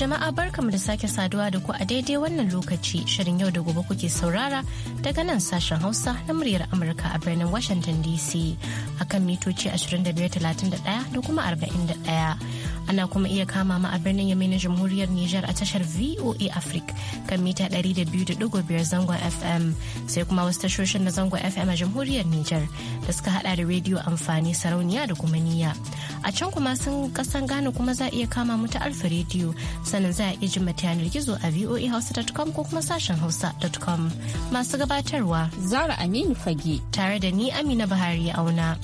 jama'a barkamu da sake saduwa da ku a daidai wannan lokaci shirin yau da gobe kuke saurara daga nan sashen Hausa na muryar Amurka a birnin Washington DC akan mitoci 2531 da kuma 41. ana kuma iya kama mu a birnin yamai na jamhuriyar Nijar a tashar VOA Africa kan mita 200.5 zangon FM sai kuma wasu tashoshin na zangon FM a jamhuriyar Nijar da suka hada da rediyo amfani sarauniya da kuma niyya. A can kuma sun kasan gano kuma za a iya kama mu ta alfa rediyo sannan za a iya jin mata yanar gizo a voahausa.com ko kuma sashen hausa.com masu gabatarwa Zara Aminu Fage tare da ni Amina bahari auna.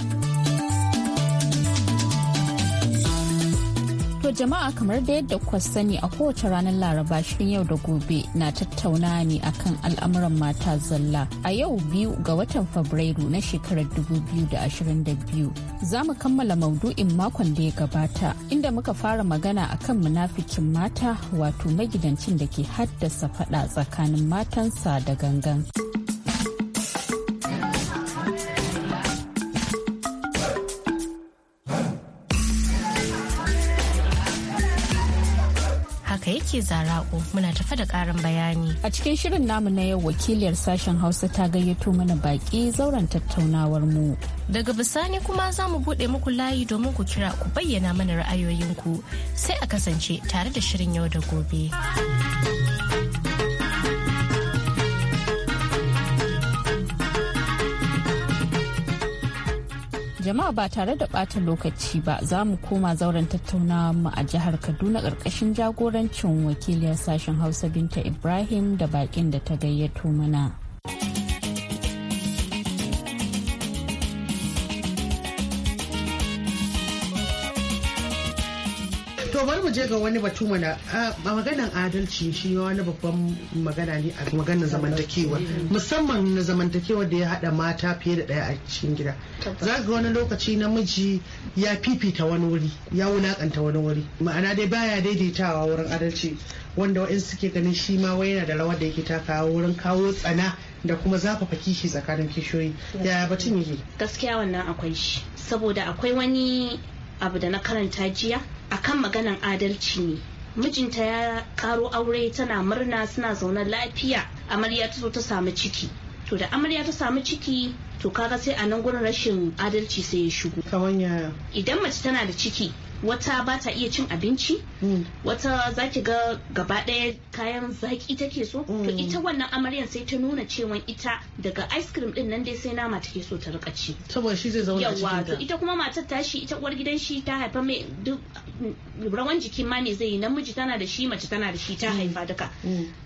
To jama'a kamar da yadda kuka sani a kowace ranar Laraba shirin yau da gobe na tattauna ne akan al'amuran mata zalla. A yau biyu ga watan Fabrairu na shekarar 2022 za mu kammala maudu'in makon da ya gabata inda muka fara magana akan munafikin mata wato magidancin da ke haddasa faɗa tsakanin matansa da gangan. haka yake zarako muna tafa da karin bayani. A cikin shirin namu na yau wakiliyar sashen Hausa ta gayyato mana baki zauren tattaunawar mu. Daga bisani kuma za mu buɗe muku layi domin ku kira ku bayyana mana ra'ayoyinku sai a kasance tare da shirin yau da gobe. jama'a ba tare da bata lokaci ba za mu koma zauren tattaunawa mu a jihar kaduna ƙarƙashin jagorancin wakiliyar sashen hausa binta ibrahim da baƙin da ta gayyato mana. je ga wani batu mana a maganan adalci shi wani babban magana ne a maganar zamantakewa musamman na zamantakewa da ya hada mata fiye da daya a cikin gida za ga wani lokaci namiji ya fifita wani wuri ya wulakanta wani wuri ma'ana dai baya daidaitawa wurin adalci wanda wa'in suke ganin shi ma wai yana da rawar da yake takawa wurin kawo tsana da kuma zafafa kishi tsakanin kishiyoyi yaya batun yake gaskiya wannan akwai shi saboda akwai wani abu da na karanta jiya akan maganan adalci ne mijinta ya karo aure tana murna suna zaune lafiya amarya ta zo ta samu ciki to da amarya ta samu ciki to kaga sai a nan gurin rashin adalci sai ya shigo idan mace tana da ciki wata ba ta iya cin abinci hmm. wata za ki ga gaba ɗaya kayan zaki take so to hmm. ita wannan amaryan sai ta nuna cewa ita daga ice cream din nan dai sai nama take so ta rika ci saboda shi zai zauna cikin cikin to ita kuma matar ta shi ita uwar gidan shi ta haifa mai duk rawan jikin ma ne zai yi namiji tana da shi mace tana da shi ta hmm. haifa duka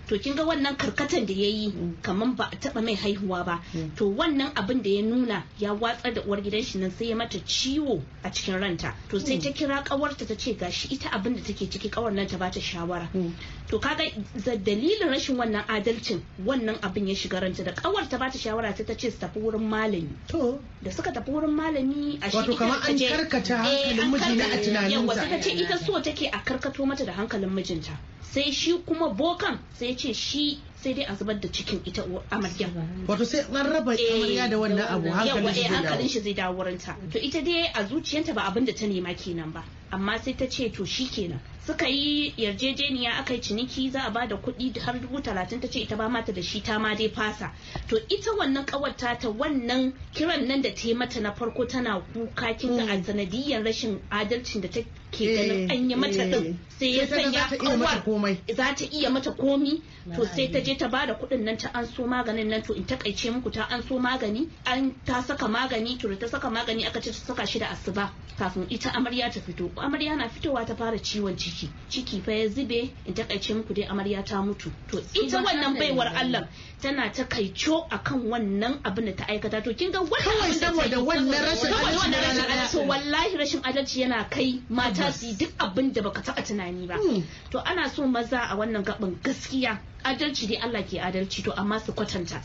to kin ga wannan karkatan da yayi kaman ba a taba mai haihuwa ba to wannan abin da ya nuna ya watsar da uwar gidan shi nan sai ya mata ciwo a cikin ranta to sai ta kira kawarta ta ce gashi ita abin da take ciki kawar nan ta bata shawara hmm. to kaga da dalilin rashin wannan adalcin wannan abin ya shiga ranta da kawar ta bata shawara ta tace su tafi wurin malami to da suka tafi wurin malami a shi wato kamar an karkata eh, hankalin mijina a tunanin sa ta ce ita so take a karkato mata da hankalin mijinta sai shi kuma bokan sai ce shi sai dai a zubar da cikin ita Amarya. wato sai an raba eh, amarya da wannan abu eh, hankalin shi zai dawo wurinta to ita dai a zuciyanta ba abin da ta nema kenan ba amma sai ta ce to shi kenan suka yi yarjejeniya aka yi ciniki za a bada kuɗi har dubu talatin ta ce ita ba mata da shi ta ma dai fasa to ita wannan ƙawarta ta wannan kiran nan da ta yi mata na farko tana kuka kin ga mm. sanadiyar rashin adalcin da ta ke ganin eh, an yi mata din eh. sai ya sanya kawar za ta iya mata komi to sai ta je ta da kuɗin nan ta an so maganin nan to in kaice muku ta an so magani an ta saka magani to ta saka magani aka ce ta saka shi da asuba kafin ita amarya ta fito amarya na fitowa ta fara ciwon ciki ciki fa ya zube in kaice muku dai amarya ta mutu to ita wannan baiwar Allah tana ta kaico akan wannan abin da ta aikata to kin ga wannan kawai saboda wannan rashin adalci wallahi rashin adalci yana kai mata ta su yi duk abin da baka taɓa tunani ba hmm. to ana so maza a wannan gaɓin gaskiya adalci dai Allah ke adalci to amma su kwatanta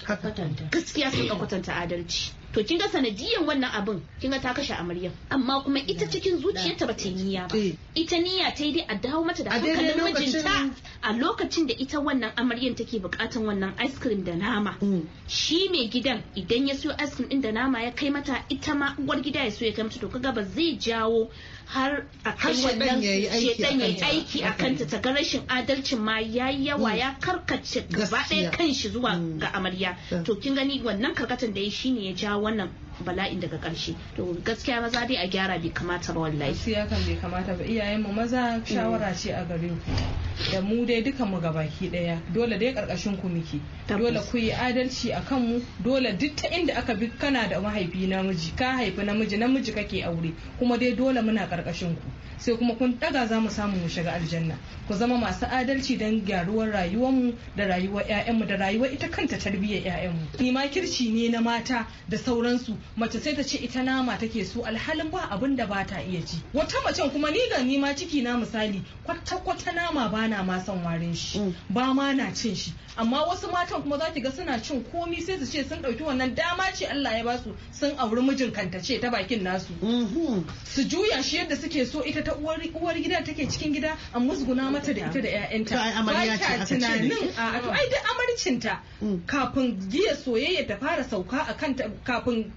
gaskiya sun ka kwatanta adalci to kin ga sanadiyan wannan abin kin ga ta kashe amaryan amma kuma ita cikin zuciyarta bata yi niyya ba eh. ita niyya ta yi dai a dawo mata da hankalin mijinta a lokacin da ita wannan amaryan take bukatan wannan ice cream da nama mm. shi mai gidan idan ya siyo ice cream din da nama ya kai mata ita ma uwar gida ya so ya kai mata to kaga ba zai jawo har a kan wannan shedan yi aiki a kanta ta ga rashin adalcin ma yayi yawa mm. ya kar karkace gaba ɗaya kan shi zuwa mm. ga amarya to kin gani wannan karkatan da ya shine ya ja wannan bala'in daga karshe to gaskiya maza dai a gyara bai kamata ba wallahi gaskiya kan bai kamata ba iyayen mu maza shawara ce a gare ku da mu dai duka mu gabaki daya dole dai karkashin ku muke dole ku yi adalci a kan mu dole duk ta inda aka bi kana da mahaifi namiji ka haifi namiji namiji kake aure kuma dai dole muna karkashin ku sai kuma kun daga za mu samu mu shiga aljanna ku zama masu adalci don gyaruwar rayuwarmu da rayuwar 'ya'yanmu da rayuwar ita kanta tarbiyyar 'ya'yanmu ni ma kirci ne na mata da sauransu mace sai ta ce ita nama take so alhalin ba abin da ba ta iya ci wata macen kuma ni ga nima ciki na misali kwata kwata nama ba na ma son warin shi mm. ba ma na cin shi amma wasu matan kuma za ki ga suna cin komi sai su ce sun ɗauki wannan dama ce Allah ya basu sun auri mijin kanta ce ta bakin nasu mm-hmm. su juya shi yadda suke so ita ta uwar gida take cikin gida a musguna mata da ita da ƴaƴanta ba ta tunanin a ai da amarcinta mm. kafin giya soyayya ta fara sauka a kanta kafin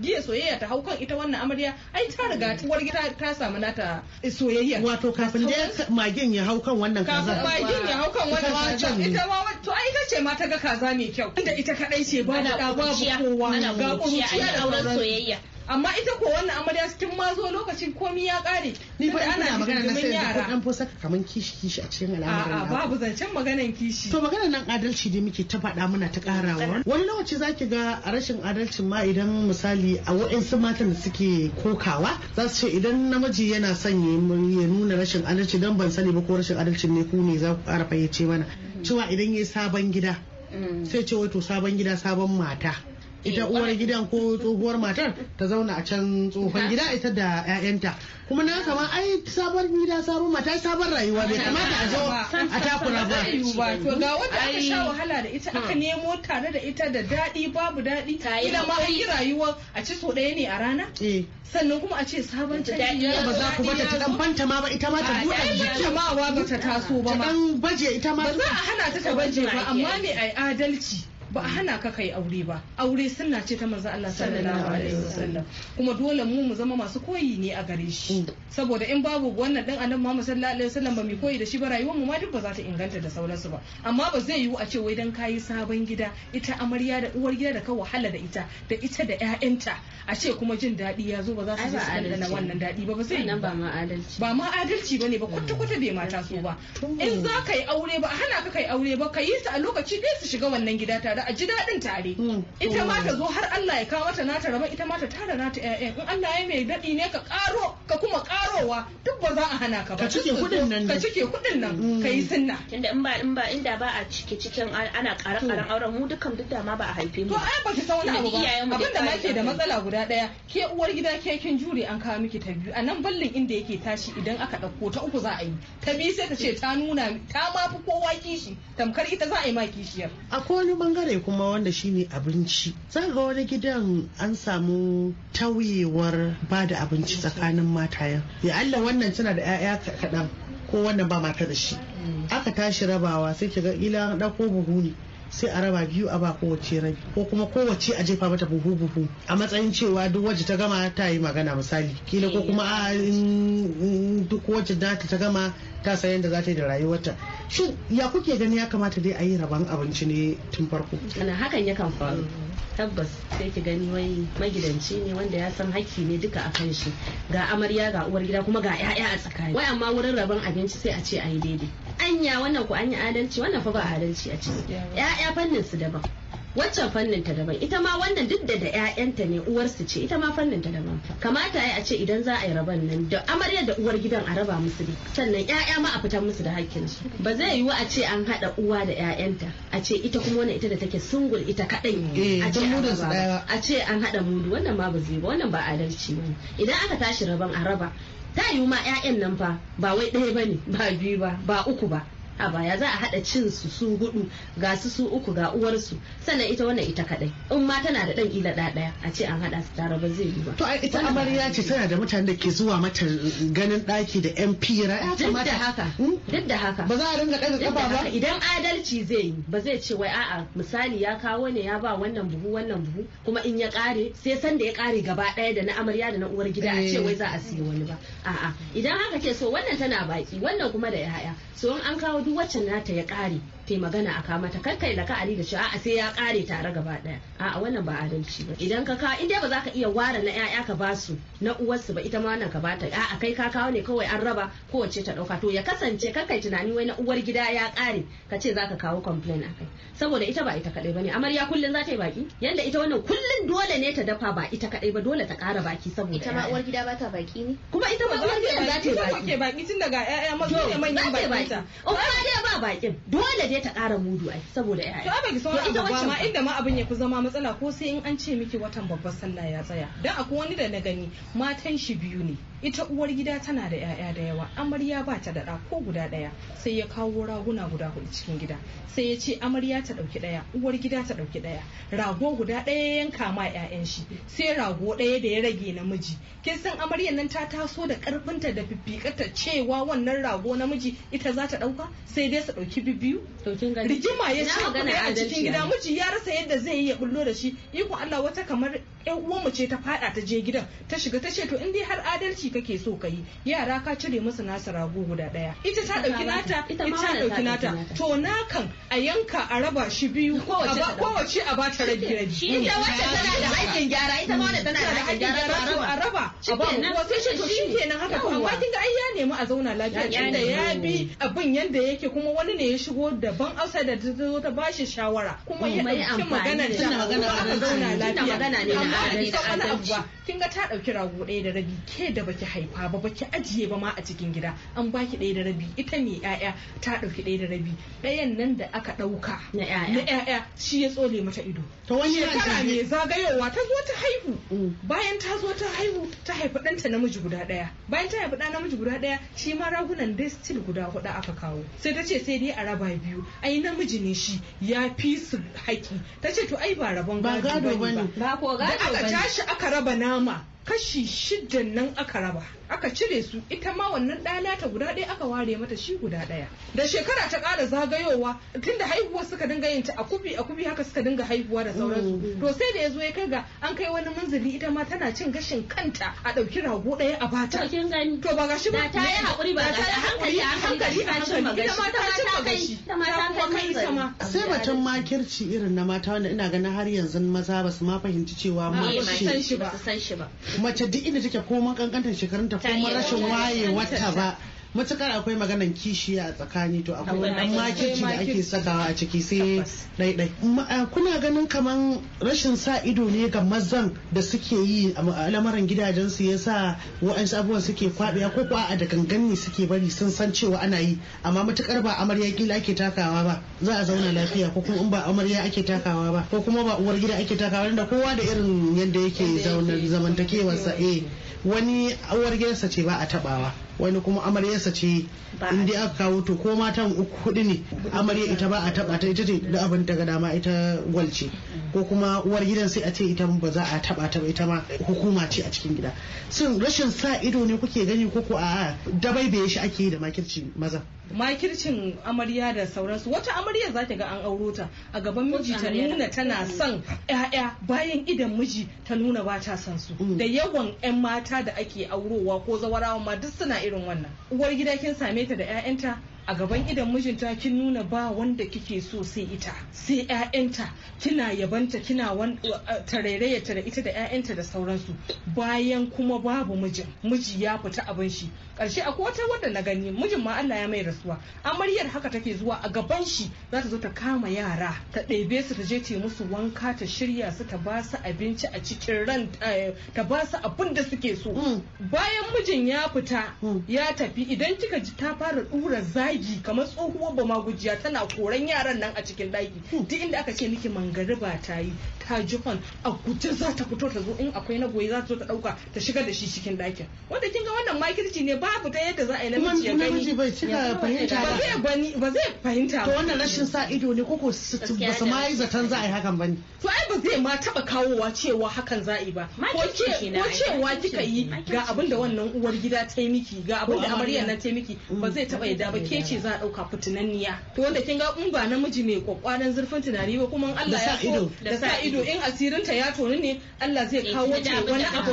giya soyayya ta hau kan ita wannan amarya ai ta riga ta gida ta samu nata soyayya wato kafin da magin ya hau kan wannan kaza kafin magin ya hau kan wannan kaza ita ma to ai ita ce ma ta ga kaza mai kyau inda ita kadai ce ba da babu kowa ga kuruciya da auren soyayya amma ita ko wannan amarya cikin ma zo lokacin komi ya kare ni fa ana magana na sai da dan fosa kaman kishi kishi a cikin al'amarin a'a babu zancen maganan kishi to maganar nan adalci da muke ta faɗa muna ta karawa wani lokaci zaki ga rashin adalcin ma idan misali a wa'ansu matan da suke kokawa za su ce idan namiji yana son ya nuna rashin adalci dan ban sani ba ko rashin adalcin ne ku ne za ku ƙara fayyace mana cewa idan yayi sabon gida mm. sai ce wato sabon gida sabon mata ita eh, uwar gidan ko tsohuwar matar ta zauna a can tsohon gida ita da 'ya'yanta kuma na kama ai sabon gida sabon mata sabon rayuwa bai kamata a zo a takura ba to ga wanda aka sha wahala da ita aka hmm. nemo tare da ita da daɗi babu daɗi ila ma an yi rayuwa a ci so ɗaya ne a rana eh. sannan kuma a ce sabon canji ba za ku bata ta dan fanta ma ba ita ma ta buɗe jiki ma ba ta taso ba ma ta dan baje ita ma ba za a hana ta ta baje ba amma ne ai adalci ba a hana ka kai aure ba aure sunna ce ta manzo Allah sallallahu alaihi wasallam kuma dole mu mu zama masu koyi ne a gare shi mm. saboda in babu wannan dan annabi Muhammad sallallahu alaihi wasallam ba mu koyi da shi ba rayuwar mu ma duk ba za ta inganta da sauransu ba amma ba zai yiwu a ce wai dan kayi sabon gida ita amarya da uwar gida da ka wahala da ita da ita da ƴaƴanta a ce kuma jin daɗi ya zo ba za su ji su wannan daɗi ba ba zai nan ba ma adalci ba ma adalci bane ba kwata kwata bai mata so ba mm. in za ka yi aure ba a hana ka kai aure ba ka yi su a lokaci ɗaya su shiga wannan gida tare tare a ji daɗin tare mm. ita ma ta mm. zo har Allah ya kawo mata nata raba ita ma ta tara nata ƴaƴan in Allah ya mai daɗi ne ka ƙaro ka kuma ƙarowa duk ba za a hana ka ba ka cike kuɗin nan ka cike kuɗin nan mm. ka yi sunna tunda in ba in ba inda ba a cike cikin ana ƙara ƙaran auren mu dukkan duk da ma ba a haife mu to ai ba ki san wani abu ba da ma ke da matsala guda ɗaya ke uwar gida ke kin jure an kawo miki ta biyu a nan ballin inda yake tashi idan aka ɗauko ta uku za a yi ta biyu sai ta ce ta nuna ta ma fi kowa kishi tamkar ita za a yi ma kishiyar a wani bangare ne kuma wanda shi ne abinci za ga wani gidan an samu tauyewar ba da abinci tsakanin matayen ya Allah wannan tana da 'ya'ya kaɗan ko wannan ba mata da shi mm. aka tashi rabawa sai ga ila ɗauko buhu ne sai a raba biyu a ba kowace rabi ko kuma kowace a jefa mata buhu buhu a matsayin cewa duk wacce ta gama ta yi magana misali kila ko kuma a duk wacce ta gama ta san yadda za ta yi da rayuwarta shin ya kuke gani ya kamata dai a yi rabon abinci ne tun farko Hakan hakan kan faru tabbas sai ki gani wai magidanci ne wanda ya san haƙƙi ne duka a kan shi ga amarya ga uwar gida kuma ga 'ya'ya a tsakani wai amma wurin rabon abinci sai a ce a yi daidai hanya wannan ku an yi adalci wannan fa ba adalci a ciki ya'ya fannin su daban waccan fannin ta daban ita ma wannan duk da da ƴaƴanta ne uwar su ce ita ma fannin ta daban kamata ya a ce idan za a yi raban nan da amarya da uwar gidan a raba musu ne sannan ƴaƴa ma a fitar musu da hakkin su ba zai yiwu a ce an haɗa uwa da ƴaƴanta a ce ita kuma wannan ita da take sungul ita kaɗai eh, a ce a ce an haɗa mudu wannan ma ba zai ba wannan ba adalci ba idan aka tashi raban a raba ta yiwu ma 'ya'yan nan fa ba wai ɗaya ba ne ba biyu ba ba uku ba a baya za a hada cin su su hudu ga su su uku ga uwarsu sannan ita wannan ita kadai in ma tana da dan ila daya a ce an hada su tare ba zai yi ba to ai ita amarya ce tana da mutane da ke zuwa mata ganin daki da yan fira ya kamata duk da haka hmm? duk da haka ba za a ringa daga kafa ba idan adalci zai yi ba zai ce wai a'a misali ya kawo ne ya ba wannan buhu wannan buhu kuma in ya kare sai san da ya kare gaba daya da na amarya da na uwar gida a ce eh. wai za a siya wani ba a'a idan haka ce so wannan tana baki wannan kuma da yaya so in an kawo duk wacce nata ya ƙare ta magana a kama ta karkai da ka ali da shi a'a sai ya kare tare gaba daya a'a wannan ba adalci ba idan ka kawo inda ba za ka iya ware na yaya ka basu na uwarsu ba ita ma wannan ka bata a'a kai ka kawo ne kawai an raba kowace ta dauka to ya kasance karkai tunani wai na uwar gida ya kare ka ce za ka kawo complain kai saboda ita ba ita kadai bane amarya kullun za ta yi baki yanda ita wannan kullun dole ne ta dafa ba ita kadai ba dole ta kara baki saboda ita ma uwar gida ba ta baki ne kuma ita ma uwar gida za ta yi baki baki tun daga yaya mazo da manyan baki ta ba ba bakin dole dai sai ta ƙara mudu ai saboda ƴaƴa to abin sauran abubuwa ma inda ma abin ya fi zama matsala ko sai in an ce miki watan babbar sallah ya tsaya dan akwai wani da na gani matan shi biyu ne ita uwar gida tana da 'ya'ya da yawa amarya ba ta da ɗa ko guda ɗaya sai ya kawo raguna guda hudu cikin gida sai ya ce amarya ta ɗauki ɗaya uwar gida ta ɗauki ɗaya rago guda ɗaya ya yanka ma 'ya'yan shi sai rago ɗaya da ya rage namiji kin san amaryar nan ta taso da ƙarfinta da fiffikarta cewa wannan rago namiji ita za ta ɗauka sai dai su ɗauki bibiyu rigima ya shafi a cikin gida miji ya rasa yadda zai yi ya bullo da shi iko Allah wata kamar yan uwanmu ce ta fada ta je gidan ta shiga ta ce to in dai har adalci kake so ka yi yara ka cire musu nasu rago guda daya ita ta dauki nata ita ta dauki nata to na kan a yanka a raba shi biyu kowace a bata rabi rabi ita wacce tana da aikin gyara ita ma wanda tana da aikin gyara a raba a ba kowa sai shi to shikenan haka amma kin ga ai ya nemi a zauna lafiya tunda ya bi abin yanda yake kuma wani ne ya shigo da daban Hausa da ta zo ta bashi shawara kuma mm. ya ɗauki magana da kuma aka zauna lafiya amma da ita wani abu kin ga ta ɗauki rago ɗaya da rabi ke da baki haifa ba baki ajiye ba ma a cikin gida an baki ɗaya da rabi ita ne ƴaƴa ta ɗauki ɗaya da rabi ɗayan nan da aka ɗauka na ƴaƴa shi ya tsole mata ido to wani shekara me zagayowa ta zo ta haihu mm. bayan ta zo ta haihu ta haifi ɗanta namiji guda ɗaya bayan ta haifi ɗa namiji guda ɗaya shi ma ragunan dai still guda huɗu aka kawo sai ta ce sai dai a raba biyu gado ai namiji ne shi ya fi su haƙi ta ce to ai ba rabon gado ba ne ba ko gado ba aka tashi aka raba nama kashi shidda nan aka raba aka cire su ita ma wannan ɗana ta guda ɗaya aka ware mata shi guda ɗaya da shekara ta ƙara zagayowa tunda haihuwa suka dinga yin ta a kubi a kubi haka suka dinga haihuwa da sauransu mm. to sai da ya zo ya kai ga an kai wani munzili ita ma tana cin gashin kanta a ɗauki rago ɗaya a bata to ba gashi ba ta yi haƙuri ba ta hankali a hankali a hankali ita ma ta cin magashi ta kuma kai sama sai batun makirci irin na mata wanda ina ganin har yanzu maza ba su ma fahimci cewa ma ba su san shi ba mace duk inda take koman kankantar shekarunta ko rashin wayewarta ba matukar akwai maganan kishi a tsakani to akwai makirci da ake sakawa a ciki sai dai dai. Eh, kuna ganin kaman rashin sa ido ne ga mazan da suke yi a lamarin gidajen su yasa wa'ansu abubuwan suke kwaɗuya ko kuwa a da gangan suke bari sun san cewa ana yi amma matukar ba amarya kila ake takawa ba za a zauna lafiya ko kuma in ba amarya ake takawa ba ko kuma ba uwar gida ake takawa kowa da irin yadda yake zamantakewarsa eh wani uwar gidansa ce ba a tabawa wani kuma amaryarsa ce in dai aka kawo to ko matan uku hudu ne amarya ita ba a taba ta ita ce da abin daga dama ita gwalce ko kuma uwar gidan sai a ce ita ba za a taba ta ba ita ma hukuma ce a cikin gida sun rashin sa ido ne kuke gani ko ko a'a dabaibaye shi ake yi da makirci maza makircin amarya da sauransu wata amarya za ta ga an auro ta a gaban miji ta nuna tana mm. son yaya bayan idan miji ta nuna ba ta son su mm. da yawan ƴan mata da ake aurowa ko zawarawa ma duk suna irin wannan uwar gida kin same ta da ƴaƴanta a gaban idan mijinta kin nuna ba wanda kike so sai ita sai ƴaƴanta kina yabanta kina tarairaya tare ita da ƴaƴanta da sauransu bayan kuma babu mijin miji ya fita abin shi karshe akwai wata wadda na gani mijin ma Allah ya mai rasuwa amaryar haka take zuwa a gaban shi za ta zo ta kama yara ta ɗebe su ta je ta musu wanka ta shirya su ta ba su abinci a cikin ran ta ba su abin da suke so mm. bayan mijin ya fita mm. ya tafi idan kika ji ta fara dura zai daji kamar tsohuwar bama gujiya tana koran yaran nan a cikin daki hmm. duk inda aka ce miki mangariba ta yi ta jifan a guje za ta fito ta zo in akwai na goyi za ta zo ta dauka ta shiga da shi cikin dakin wanda kin ga wannan makirci ne ba fita yadda za a yi namiji ya gani ba zai ba zai fahimta to wannan rashin sa ido ne koko ba su ma yi zaton za a yi hakan ba ne to ai ba zai ma taba kawowa cewa hakan za a yi ba ko cewa kika yi ga abin da wannan uwar gida ta yi miki ga abin da amaryar nan ta yi miki ba hmm. zai taba yadda ba ke ke ce za a ɗauka fitinanniya to wanda kin ga in ba namiji mai kwakwaran zurfin tunani ba kuma Allah ya so da sa ido in asirinta ya toni ne Allah zai eh, kawo ce wani abu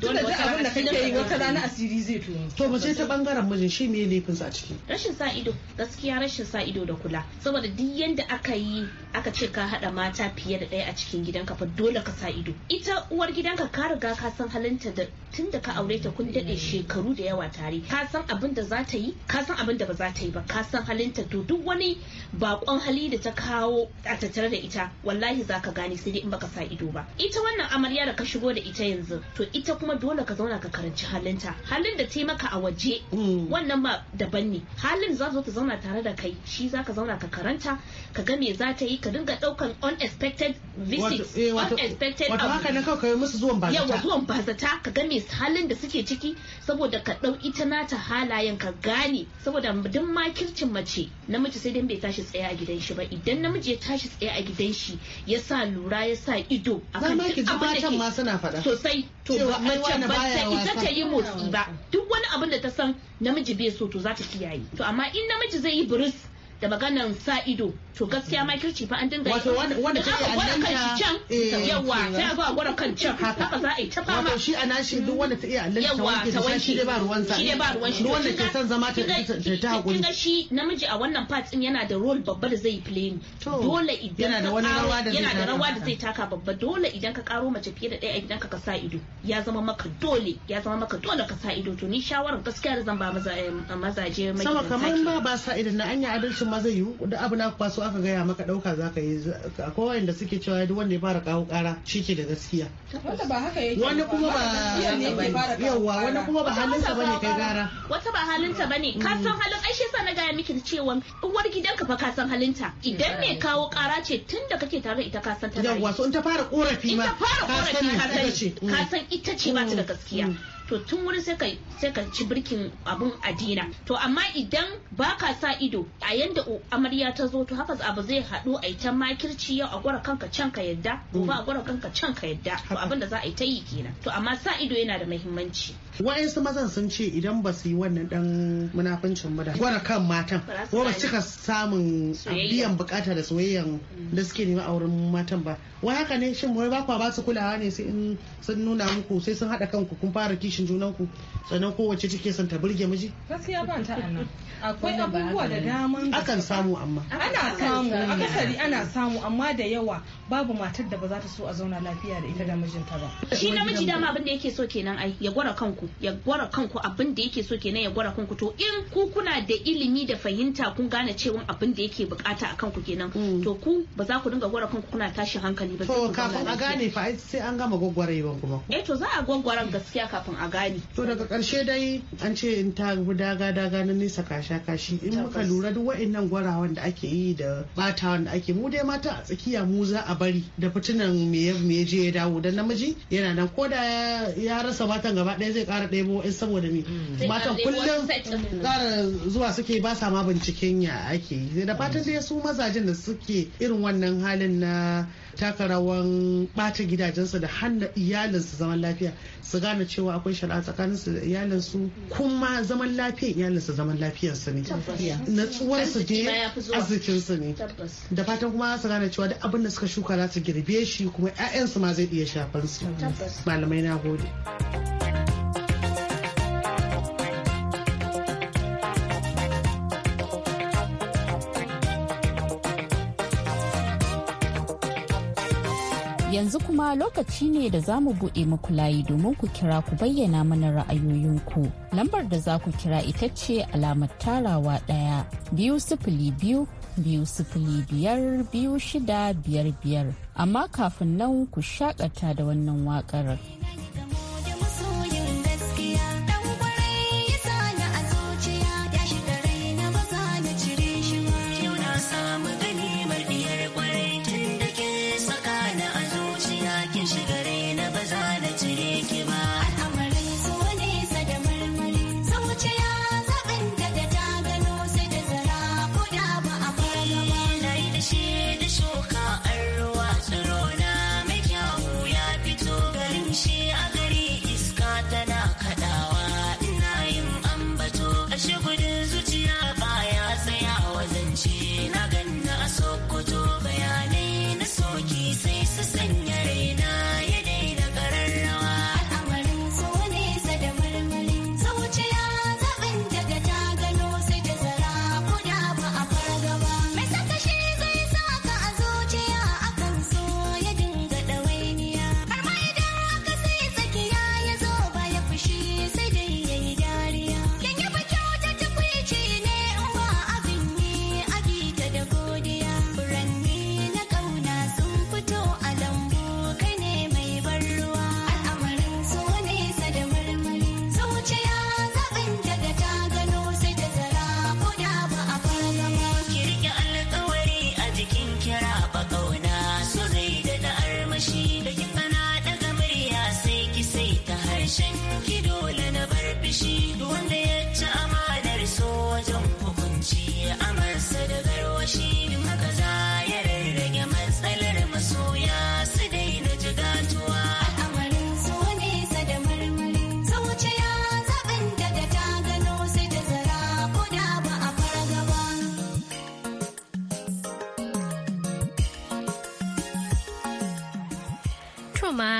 tunda duk abin da kake yi wata rana asiri zai toni to ba sai ta bangaren mijin shi me laifin a ciki rashin sa ido gaskiya rashin sa ido da kula saboda duk yanda aka yi aka ce ka hada mata fiye da ɗaya a cikin gidanka fa dole ka sa ido ita uwar gidanka ka riga ka san halinta da tun da ka aure ta kun daɗe shekaru da yawa tare ka san abin da za ta yi ka san abin da ba za za ta yi ba ka san halinta to duk wani bakon hali da ta kawo a tattare da ita wallahi za ka gane sai dai in baka sa ido ba ita wannan amarya da ka shigo da ita yanzu to ita kuma dole ka zauna ka karanci halinta halin da ta maka a waje mm. wannan ma daban ne halin za ta zauna tare da kai shi za ka zauna ka karanta ka ga me za ta yi ka dinga daukan unexpected visits eh, unexpected wato haka na kawai musu zuwan bazata yawa zuwan bazata ka ga me halin da suke ciki saboda ka dau ita nata halayen ka gane saboda ma makircin mace namiji sai dan bai tashi tsaye a gidan shi ba idan namiji ya tashi tsaye a gidan shi ya sa lura ya sa ido akan kan abin da ma suna faɗa sosai to mace ba ta ita ta yi motsi ba duk wani abin da ta san namiji bai so to zata ta kiyaye to amma in namiji zai yi buris da maganan sa ido to gaskiya kirci fa an dinga wato wanda take annan ta can yawa ta ga gwara kan can haka za a yi ta fama wato shi anan shi duk mm. wanda ta iya allan ta wanke shi ba ruwan sa shi ba ruwan shi wanda ke son zama ta ta hakuri kinga shi namiji a wannan part din yana da role babba da zai play dole idan yana da wani rawa da zai yana da rawa da zai taka babba dole idan ka karo mace fiye da ɗaya a gidan ka sa ido ya zama maka dole ya zama maka dole ka sa ido to ni shawarar gaskiya zan ba eh, mazaje mai sama kamar ba ba sa ido na anya adalci lokacin ma zai yiwu da abu na kwaso aka gaya maka dauka za ka yi akwai da suke cewa duk wanda ya fara kawo kara shi ke da gaskiya wani kuma ba yawa wani kuma ba halinsa bane kai gara wata ba halinta bane ka mm. san halin ai shi yasa na gaya miki cewa uwar gidanka fa ka san halinta idan mai kawo kara ce tun da kake tare ita ka san ta yawa so in ta fara korafi ma ka ka san ita ce ba ta da mm. gaskiya mm. to tun wuri sai ka ci birkin abun adina to amma idan baka sa ido a yadda amarya ta zo to haka abu zai haɗu a ita makirci yau a gwara kanka can ka yadda gobe a gwara kanka can ka yadda to abin da za a yi ta yi kenan to amma sa ido yana da muhimmanci wa'ansu mazan sun ce idan ba su yi wannan dan munafincin ba da gwada kan matan ko ba cika samun biyan bukata da soyayyan da suke nema a wurin matan ba wai haka ne shin wai ba kwa ba su kulawa ne sai in sun nuna muku sai sun haɗa kanku kun fara kishin junanku sannan kowace cike son ta burge miji gaskiya ba ta annan akwai abubuwa da dama. akan samu amma ana samu akasari ana samu amma da yawa babu matar da ba za ta so a zauna lafiya da ita da mijinta ba shi namiji dama abin da yake so kenan ai ya gwara kanku kanku ya gwara kanku abin da yake so kenan ya gwara kanku to in ku kuna da ilimi da fahimta kun gane cewa abin da yake bukata a kanku kenan mm. to ku ba za ku dinga gwara kanku kuna tashin hankali ba to kafin a gane fa sai an gama gwaggwarewan kuma eh to za a gwara gaskiya kafin a gane to daga karshe dai an ce in ta daga daga na nisa kasha kashi in muka lura duk wa'annan gwarawan da ake yi da batawan da ake mu dai mata a tsakiya mu za a bari da fitinan me ya je ya dawo dan namiji yana nan ko da ya rasa matan gaba ɗaya zai ƙara ɗebo in saboda me hmm. matan kullum kara zuwa suke ba sa ma binciken ya ake yi da hmm. fatan dai su mazajen da suke irin wannan halin na taka rawan ɓata gidajensu da hana iyalinsu zaman lafiya su gane cewa akwai shari'a tsakanin su da iyalinsu kuma zaman lafiya iyalinsu zaman lafiyarsu ne natsuwarsu ne arzikinsu ne da fatan kuma su gane cewa duk abin da suka shuka za su girbe shi kuma 'ya'yansu ma zai iya shafar su malamai na gode. yanzu kuma lokaci ne da za mu buɗe muku layi domin ku kira ku bayyana mana ra'ayoyinku. Lambar da za ku kira ita ce alamar tarawa ɗaya biyu sifili biyu biyu sifili biyar biyu shida biyar biyar. Amma kafin nan ku shaƙata da wannan waƙar.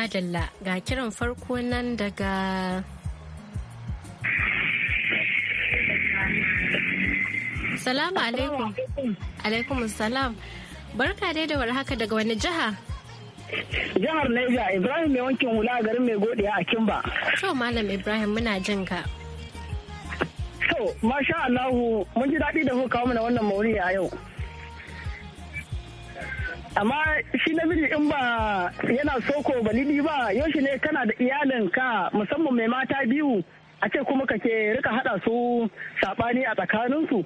madalla ga kiran farko nan daga salamu alaikum alaikum salam barka dai da warhaka daga wani jiha jihar Niger Ibrahim mai wankin hula a garin mai godiya a Kimba. To Malam Ibrahim muna jin ka. To, masha Allahu mun ji daɗi da kawo mana wannan mauri a yau. amma shi namiji in ba yana soko balidi ba yaushe ne kana da iyalin ka musamman mai mata biyu a ce kuma kake rika hada su sabani a tsakaninsu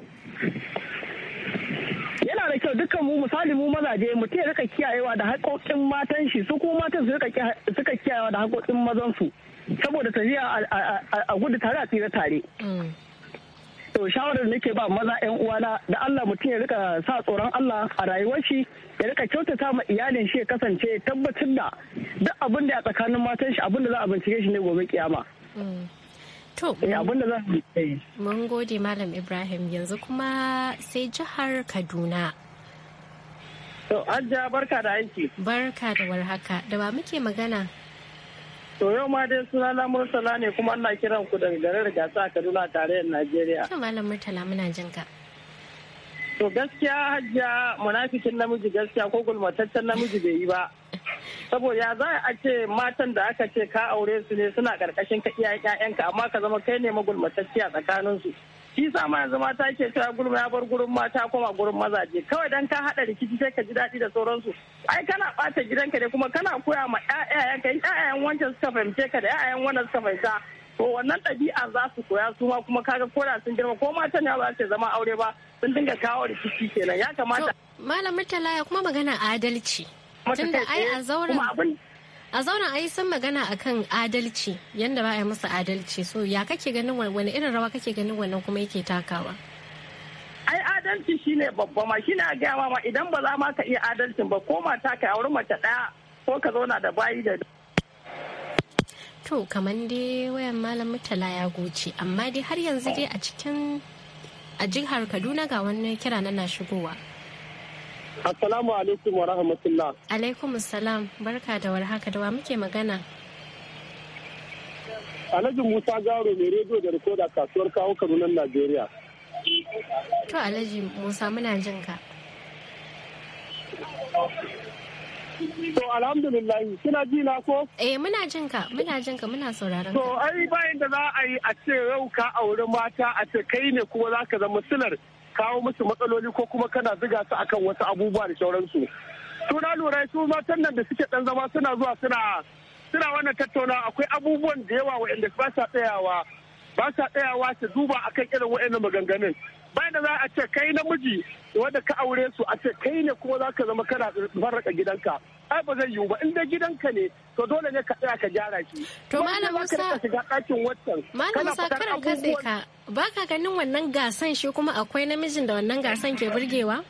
yana da kyau dukkan mu misali mu mazaje mu ya rika kiyayewa da haƙoƙin matan shi su kuma matan su rika kiyayewa da haƙoƙin mazan su saboda tafiya a gudu tare a tsira tare mm. to shawarar nake ba maza yan uwana da Allah mutum ya rika sa tsoron Allah a rayuwar shi ya rika kyautata ma iyalin shi ya kasance tabbatar da duk abin da ya tsakanin matan shi abin da za a bincike shi ne gobe kiyama mm. to eh, abin da za mun gode malam Ibrahim yanzu kuma sai jihar Kaduna to Hajja barka da aiki barka da warhaka da ba muke magana To yau ma dai sunana Murtala ne kuma ana kiran ku daga garin gasa a Kaduna tarayyar Najeriya. To Malam Murtala muna jin ka. To gaskiya hajjia munafikin namiji gaskiya ko gulmataccen namiji bai yi ba. Saboda ya za a ce matan da aka ce ka aure su ne suna karkashin ka iya ƴaƴanka amma ka zama kai ne magulmatacciya tsakaninsu. su. shi sama yanzu mata ke cewa gurma ya bar gurin mata koma gurin mazaje kawai dan ka hada rikici sai ka ji daɗi da sauransu ai kana bata gidanka ne kuma kana koya ma ka ƴaƴayen wancan suka fahimce ka da ƴaƴayen wannan suka fahimta to wannan ɗabi'a za su koya su ma kuma kaga koda sun girma ko matan ya ba su zama aure ba sun dinga kawo rikici kenan ya kamata malam murtala ya kuma magana adalci tunda ai a zauren a zauna a yi sun magana akan adalci yadda ba a yi masa adalci so ya kake ganin wani irin rawa kake ganin wannan kuma yake takawa ai adalci shine babba ma shine a gaya ma idan ba za ma ka iya adalcin ba ko mata ka auri mace daya ko ka zauna da bayi da to kamar dai wayan malam mutala ya goce amma dai har yanzu dai a cikin a jihar kaduna ga wani kira na shigowa Assalamu alaikum wa rahmatullah. Alaikum salam, barka da warhaka da wa muke magana. Alhaji Musa Garo mai rediyo da rikoda kasuwar kawo nan Najeriya. To Alhaji Musa muna jin ka. To alhamdulillah kina ji na ko? Eh muna jin ka muna jin ka muna sauraron To ai bayan da za a yi a ce yau ka auri mata a ce kai ne kuma za ka zama sunar. kawo musu matsaloli ko kuma kana ziga su akan wasu abubuwa da sauransu to na lura su matan nan da suke dan zama suna zuwa suna suna wannan tattauna akwai abubuwan da yawa waɗanda ba sa tsayawa ba sa tsayawa su duba akan irin waɗannan maganganun bayan da za a ce kai namiji wanda ka aure su a ce kai ne kuma za ka zama kana farraka gidanka ai ba zai yiwu ba in dai gidanka ne to dole ne ka tsaya ka gyara shi to malam Musa shiga ɗakin wancan malam Musa karan katse ka baka ganin wannan gasan shi kuma akwai namijin da wannan gasan ke burgewa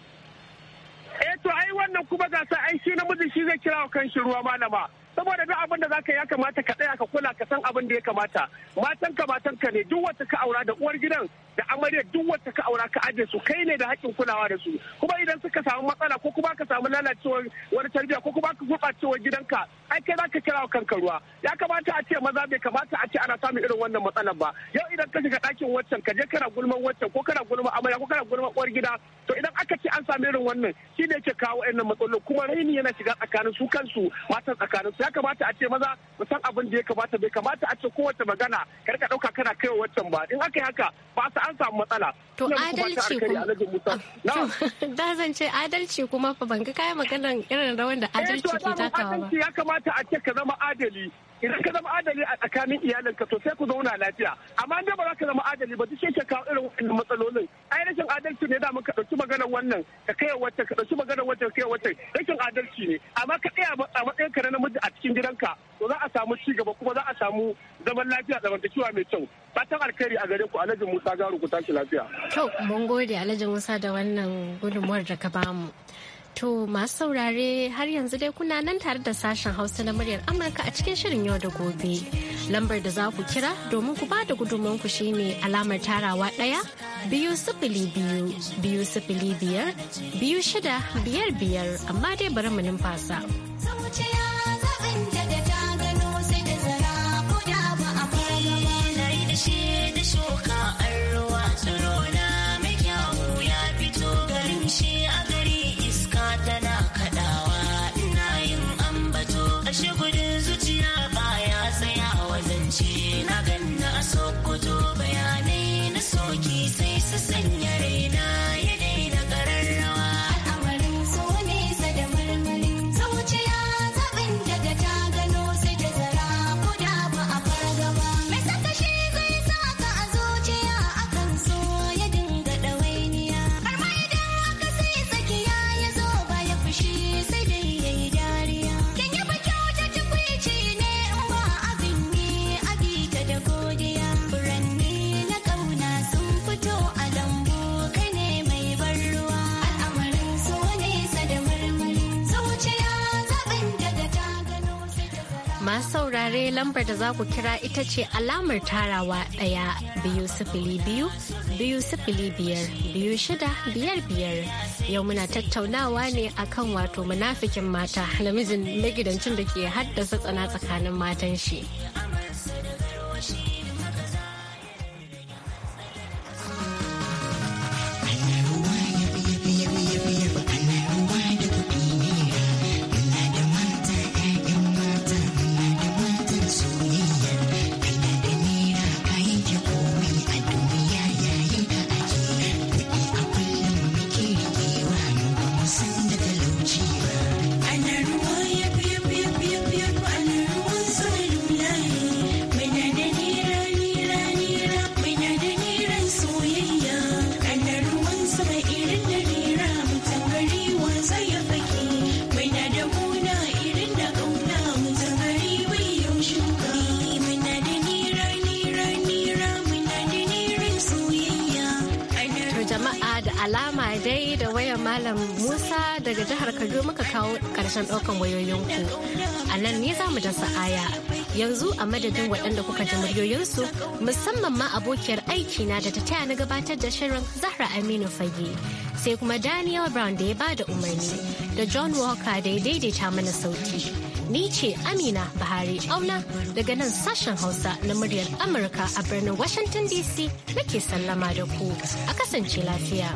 eh to ai wannan kuma gasa ai shi namiji shi zai kira kan shi ruwa malama saboda duk abin da za ka ya kamata ka tsaya ka kula ka san abin da ya kamata matan ka matan ka ne duk wata ka aura da uwar gidan da amarya duk wata ka aura ka aje su kai ne da hakkin kulawa da su kuma idan suka samu matsala ko kuma ka samu lalacewar wani tarbiyya ko kuma ka gurɓacewar gidanka ai kai za ka kira kanka ruwa ya kamata a ce maza bai kamata a ce ana samun irin wannan matsalar ba yau idan ka shiga ɗakin waccan ka je kana gulman waccan ko kana gulman amarya ko kana gulman uwar gida to idan aka ce an samu irin wannan shi ne ke kawo irin matsalolin kuma raini yana shiga tsakanin su kansu matan tsakanin su ya kamata a ce maza ku san abin da ya kamata bai kamata a ce kowace magana kar ka dauka kana kai wancan ba in aka yi haka ba sa an samu matsala to adalci kuma da zan ce adalci kuma fa ban ga kai maganar irin rawan da eh, adalci ke takawa ba ya kamata a ce ka zama adali idan ka zama adali a tsakanin ka to sai ku zauna lafiya amma an ba za ka zama adali ba duk ka kawo irin wannan matsalolin ai rashin adalci ne da ka dauki maganar wannan ka kai wacce ka dauki magana wacce ka kai wacce rashin adalci ne amma ka tsaya a matsayin ka na namiji a cikin gidanka to za a samu ci gaba kuma za a samu zaman lafiya kiwa mai kyau fatan alkhairi a gare ku Alhaji Musa Garu ku tashi lafiya to mun gode Alhaji Musa da wannan gudunmuwar da ka bamu To masu saurare har yanzu dai kuna nan tare da sashen Hausa na muryar Amurka a cikin shirin yau da gobe. Lambar da za ku kira domin ku ba da gudunmanku shine alamar tarawa ɗaya biyu sifili biyu biyu sifili biyar biyu shida biyar biyar amma dai bari mu numfasa. shoka. lambar da za ku kira ita ce alamar tarawa ɗaya biyu sifili biyu biyu sifili biyar biyu shida biyar biyar yau muna tattaunawa ne akan wato munafikin mata namijin magidancin da ke haddasa tsana tsakanin matan shi. ƙarshen wayoyin wayoyinku. A nan ne za mu dasa aya. Yanzu a madadin waɗanda kuka ji muryoyinsu musamman ma abokiyar aiki na da ta taya na gabatar da shirin Zahra Aminu Fage. Sai kuma Daniel Brown da ya ba da umarni da John Walker da ya daidaita mana sauti. Ni ce Amina Bahari Auna daga nan sashen Hausa na muryar Amurka a birnin Washington DC nake sallama da ku. A kasance lafiya.